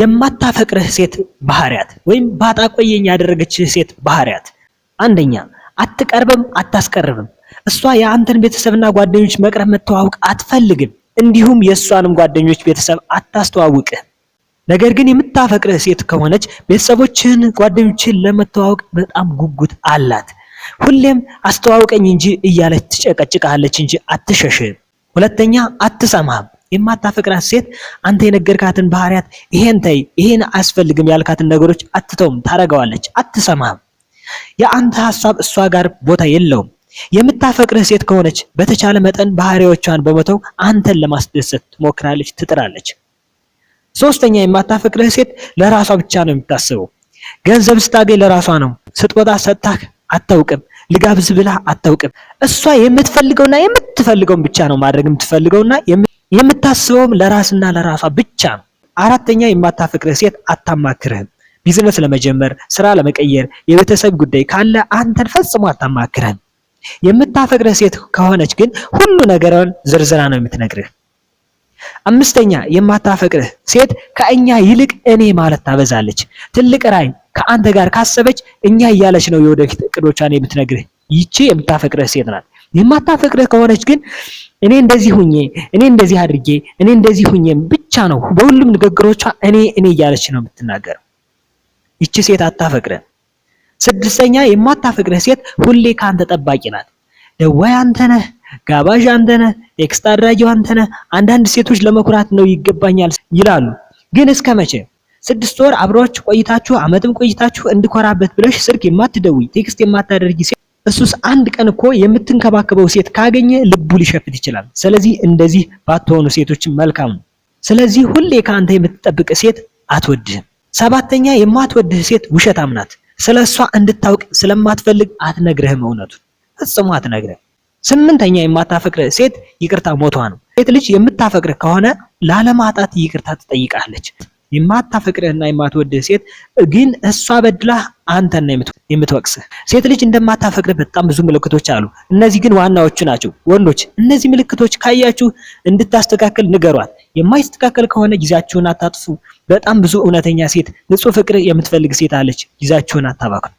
የማታፈቅርህ ሴት ባህሪያት ወይም ባጣቆየኝ ያደረገች ያደረገችህ ሴት ባህሪያት፣ አንደኛ አትቀርብም፣ አታስቀርብም። እሷ የአንተን ቤተሰብና ጓደኞች መቅረብ መተዋወቅ አትፈልግም፣ እንዲሁም የእሷንም ጓደኞች ቤተሰብ አታስተዋውቅህ። ነገር ግን የምታፈቅርህ ሴት ከሆነች ቤተሰቦችህን፣ ጓደኞችህን ለመተዋወቅ በጣም ጉጉት አላት። ሁሌም አስተዋውቀኝ እንጂ እያለች ትጨቀጭቃለች እንጂ አትሸሽህም። ሁለተኛ አትሰማህም። የማታፈቅራት ሴት አንተ የነገርካትን ባህሪያት ይሄን ተይ፣ ይሄን አያስፈልግም ያልካትን ነገሮች አትተውም፣ ታረገዋለች፣ አትሰማህም። የአንተ ሀሳብ እሷ ጋር ቦታ የለውም። የምታፈቅርህ ሴት ከሆነች በተቻለ መጠን ባህሪዎቿን በመተው አንተን ለማስደሰት ትሞክራለች፣ ትጥራለች። ሶስተኛ፣ የማታፈቅርህ ሴት ለራሷ ብቻ ነው የምታስበው። ገንዘብ ስታገኝ ለራሷ ነው። ስትወጣ ሰጥታህ አታውቅም። ልጋብዝ ብላ አታውቅም። እሷ የምትፈልገውና የምትፈልገውን ብቻ ነው ማድረግ የምትፈልገውና የምታስበውም ለራስና ለራሷ ብቻ ነው። አራተኛ የማታፈቅርህ ሴት አታማክርህም። ቢዝነስ ለመጀመር፣ ስራ ለመቀየር፣ የቤተሰብ ጉዳይ ካለ አንተን ፈጽሞ አታማክርህም። የምታፈቅርህ ሴት ከሆነች ግን ሁሉ ነገርን ዝርዝራ ነው የምትነግርህ። አምስተኛ የማታፈቅርህ ሴት ከእኛ ይልቅ እኔ ማለት ታበዛለች። ትልቅ ራይ ከአንተ ጋር ካሰበች እኛ እያለች ነው የወደፊት እቅዶቿን የምትነግርህ። ይቺ የምታፈቅርህ ሴት ናት። የማታፈቅርህ ከሆነች ግን እኔ እንደዚህ ሁኜ እኔ እንደዚህ አድርጌ እኔ እንደዚህ ሁኜም ብቻ ነው በሁሉም ንግግሮቿ እኔ እኔ እያለች ነው የምትናገረው። ይቺ ሴት አታፈቅርህ። ስድስተኛ የማታፈቅርህ ሴት ሁሌ ከአንተ ጠባቂ ናት። ደዋይ አንተ ነህ፣ ጋባዥ አንተ ነህ፣ ቴክስት አድራጊው አንተ ነህ። አንዳንድ ሴቶች ለመኩራት ነው ይገባኛል ይላሉ። ግን እስከ መቼ? ስድስት ወር አብራችሁ ቆይታችሁ አመትም ቆይታችሁ እንድኮራበት ብለሽ ስልክ የማትደውይ ቴክስት የማታደርጊ ሴት እሱስ አንድ ቀን እኮ የምትንከባከበው ሴት ካገኘ ልቡ ሊሸፍት ይችላል። ስለዚህ እንደዚህ ባትሆኑ ሴቶችን መልካም ነው። ስለዚህ ሁሌ ከአንተ የምትጠብቅ ሴት አትወድህም። ሰባተኛ የማትወድህ ሴት ውሸታም ናት። ስለ እሷ እንድታውቅ ስለማትፈልግ አትነግርህም። እውነቱን ፈጽሞ አትነግርህም። ስምንተኛ የማታፈቅር ሴት ይቅርታ ሞቷ ነው። ሴት ልጅ የምታፈቅር ከሆነ ላለማጣት ይቅርታ ትጠይቃለች። የማታፈቅርህና የማትወድህ ሴት ግን እሷ በድላህ አንተና የምት የምትወቅስ ሴት ልጅ እንደማታፈቅድ በጣም ብዙ ምልክቶች አሉ። እነዚህ ግን ዋናዎቹ ናቸው። ወንዶች እነዚህ ምልክቶች ካያችሁ እንድታስተካከል ንገሯት። የማይስተካከል ከሆነ ጊዜያችሁን አታጥፉ። በጣም ብዙ እውነተኛ ሴት፣ ንጹህ ፍቅር የምትፈልግ ሴት አለች። ጊዜያችሁን አታባክኑ።